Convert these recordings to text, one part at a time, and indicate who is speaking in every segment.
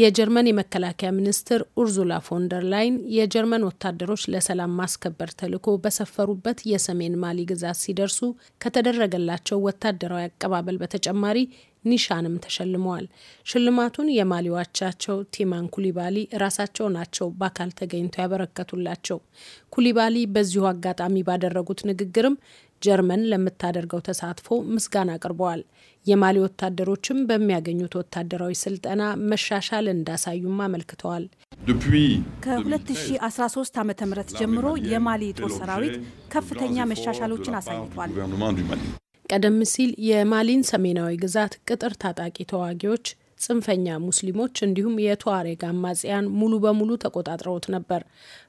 Speaker 1: የጀርመን የመከላከያ ሚኒስትር ኡርዙላ ፎንደር ላይን የጀርመን ወታደሮች ለሰላም ማስከበር ተልዕኮ በሰፈሩበት የሰሜን ማሊ ግዛት ሲደርሱ ከተደረገላቸው ወታደራዊ አቀባበል በተጨማሪ ኒሻንም ተሸልመዋል። ሽልማቱን የማሊዋቻቸው ቲማን ኩሊባሊ ራሳቸው ናቸው በአካል ተገኝተው ያበረከቱላቸው። ኩሊባሊ በዚሁ አጋጣሚ ባደረጉት ንግግርም ጀርመን ለምታደርገው ተሳትፎ ምስጋና አቅርበዋል። የማሊ ወታደሮችም በሚያገኙት ወታደራዊ ስልጠና መሻሻል እንዳሳዩም አመልክተዋል። ከ2013 ዓ ም ጀምሮ የማሊ ጦር ሰራዊት ከፍተኛ መሻሻሎችን አሳይቷል። ቀደም ሲል የማሊን ሰሜናዊ ግዛት ቅጥር ታጣቂ ተዋጊዎች ጽንፈኛ ሙስሊሞች እንዲሁም የቱዋሬግ አማጽያን ሙሉ በሙሉ ተቆጣጥረውት ነበር።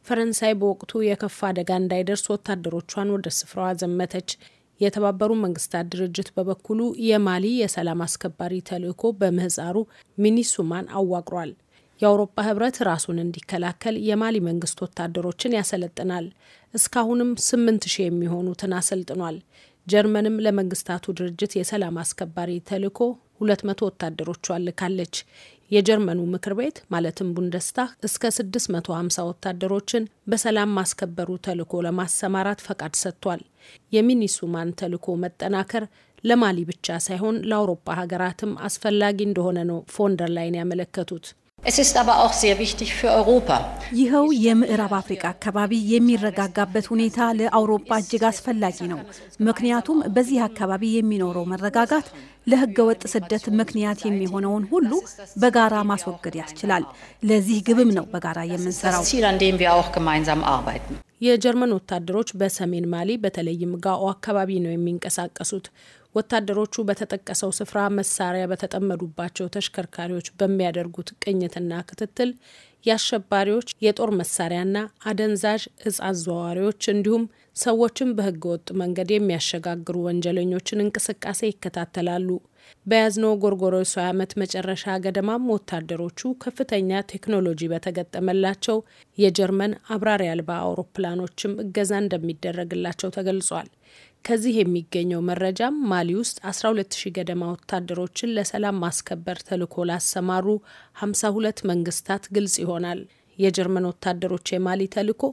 Speaker 1: ፈረንሳይ በወቅቱ የከፋ አደጋ እንዳይደርስ ወታደሮቿን ወደ ስፍራዋ ዘመተች። የተባበሩ መንግስታት ድርጅት በበኩሉ የማሊ የሰላም አስከባሪ ተልዕኮ በምህፃሩ ሚኒሱማን አዋቅሯል። የአውሮፓ ህብረት ራሱን እንዲከላከል የማሊ መንግስት ወታደሮችን ያሰለጥናል። እስካሁንም ስምንት ሺህ የሚሆኑትን አሰልጥኗል። ጀርመንም ለመንግስታቱ ድርጅት የሰላም አስከባሪ ተልዕኮ ሁለት መቶ ወታደሮቿን ልካለች። የጀርመኑ ምክር ቤት ማለትም ቡንደስታግ እስከ 650 ወታደሮችን በሰላም ማስከበሩ ተልዕኮ ለማሰማራት ፈቃድ ሰጥቷል። የሚኒሱማን ተልዕኮ መጠናከር ለማሊ ብቻ ሳይሆን ለአውሮፓ ሀገራትም አስፈላጊ እንደሆነ ነው ፎንደር ላይን ያመለከቱት። Es ist aber auch sehr wichtig für Europa.
Speaker 2: ይኸው የምዕራብ አፍሪካ አካባቢ የሚረጋጋበት ሁኔታ ለአውሮፓ እጅግ አስፈላጊ ነው። ምክንያቱም በዚህ አካባቢ የሚኖረው መረጋጋት ለህገወጥ ስደት ምክንያት የሚሆነውን ሁሉ በጋራ ማስወገድ ያስችላል። ለዚህ ግብም ነው በጋራ የምንሰራው።
Speaker 1: የጀርመን ወታደሮች በሰሜን ማሊ በተለይም ጋኦ አካባቢ ነው የሚንቀሳቀሱት። ወታደሮቹ በተጠቀሰው ስፍራ መሳሪያ በተጠመዱባቸው ተሽከርካሪዎች በሚያደርጉት ቅኝትና ክትትል የአሸባሪዎች የጦር መሳሪያና አደንዛዥ እጽ አዘዋዋሪዎች እንዲሁም ሰዎችን በህገወጥ መንገድ የሚያሸጋግሩ ወንጀለኞችን እንቅስቃሴ ይከታተላሉ። በያዝነው ጎርጎሮሳዊ ዓመት መጨረሻ ገደማም ወታደሮቹ ከፍተኛ ቴክኖሎጂ በተገጠመላቸው የጀርመን አብራሪ አልባ አውሮፕላኖችም እገዛ እንደሚደረግላቸው ተገልጿል። ከዚህ የሚገኘው መረጃም ማሊ ውስጥ 120 ገደማ ወታደሮችን ለሰላም ማስከበር ተልዕኮ ላሰማሩ 52 መንግስታት ግልጽ ይሆናል። የጀርመን ወታደሮች የማሊ ተልዕኮ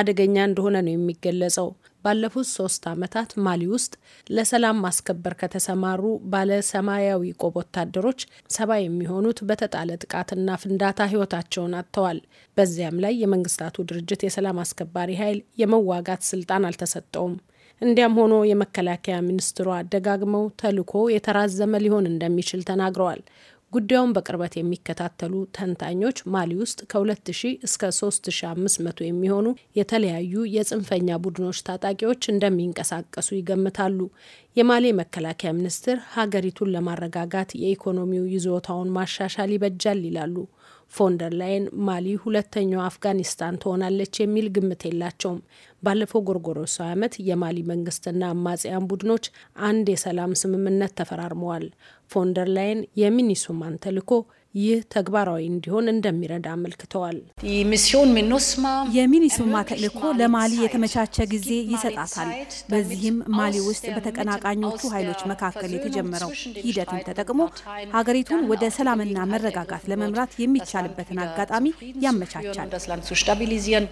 Speaker 1: አደገኛ እንደሆነ ነው የሚገለጸው። ባለፉት ሶስት ዓመታት ማሊ ውስጥ ለሰላም ማስከበር ከተሰማሩ ባለ ሰማያዊ ቆብ ወታደሮች ሰባ የሚሆኑት በተጣለ ጥቃትና ፍንዳታ ሕይወታቸውን አጥተዋል። በዚያም ላይ የመንግስታቱ ድርጅት የሰላም አስከባሪ ኃይል የመዋጋት ስልጣን አልተሰጠውም። እንዲያም ሆኖ የመከላከያ ሚኒስትሯ ደጋግመው ተልዕኮ የተራዘመ ሊሆን እንደሚችል ተናግረዋል። ጉዳዩን በቅርበት የሚከታተሉ ተንታኞች ማሊ ውስጥ ከ2000 እስከ 3500 የሚሆኑ የተለያዩ የጽንፈኛ ቡድኖች ታጣቂዎች እንደሚንቀሳቀሱ ይገምታሉ። የማሊ መከላከያ ሚኒስትር ሀገሪቱን ለማረጋጋት የኢኮኖሚው ይዞታውን ማሻሻል ይበጃል ይላሉ። ፎንደር ላይን ማሊ ሁለተኛው አፍጋኒስታን ትሆናለች የሚል ግምት የላቸውም። ባለፈው ጎርጎሮሳዊ ዓመት የማሊ መንግስትና አማጽያን ቡድኖች አንድ የሰላም ስምምነት ተፈራርመዋል። ፎንደር ላይን የሚኒሱማን ተልዕኮ ይህ ተግባራዊ እንዲሆን እንደሚረዳ አመልክተዋል። የሚኒሶማ ተልዕኮ ለማሊ የተመቻቸ ጊዜ ይሰጣታል።
Speaker 2: በዚህም ማሊ ውስጥ በተቀናቃኞቹ ኃይሎች መካከል የተጀመረው ሂደትን ተጠቅሞ ሀገሪቱን ወደ ሰላምና መረጋጋት ለመምራት የሚቻልበትን አጋጣሚ ያመቻቻል።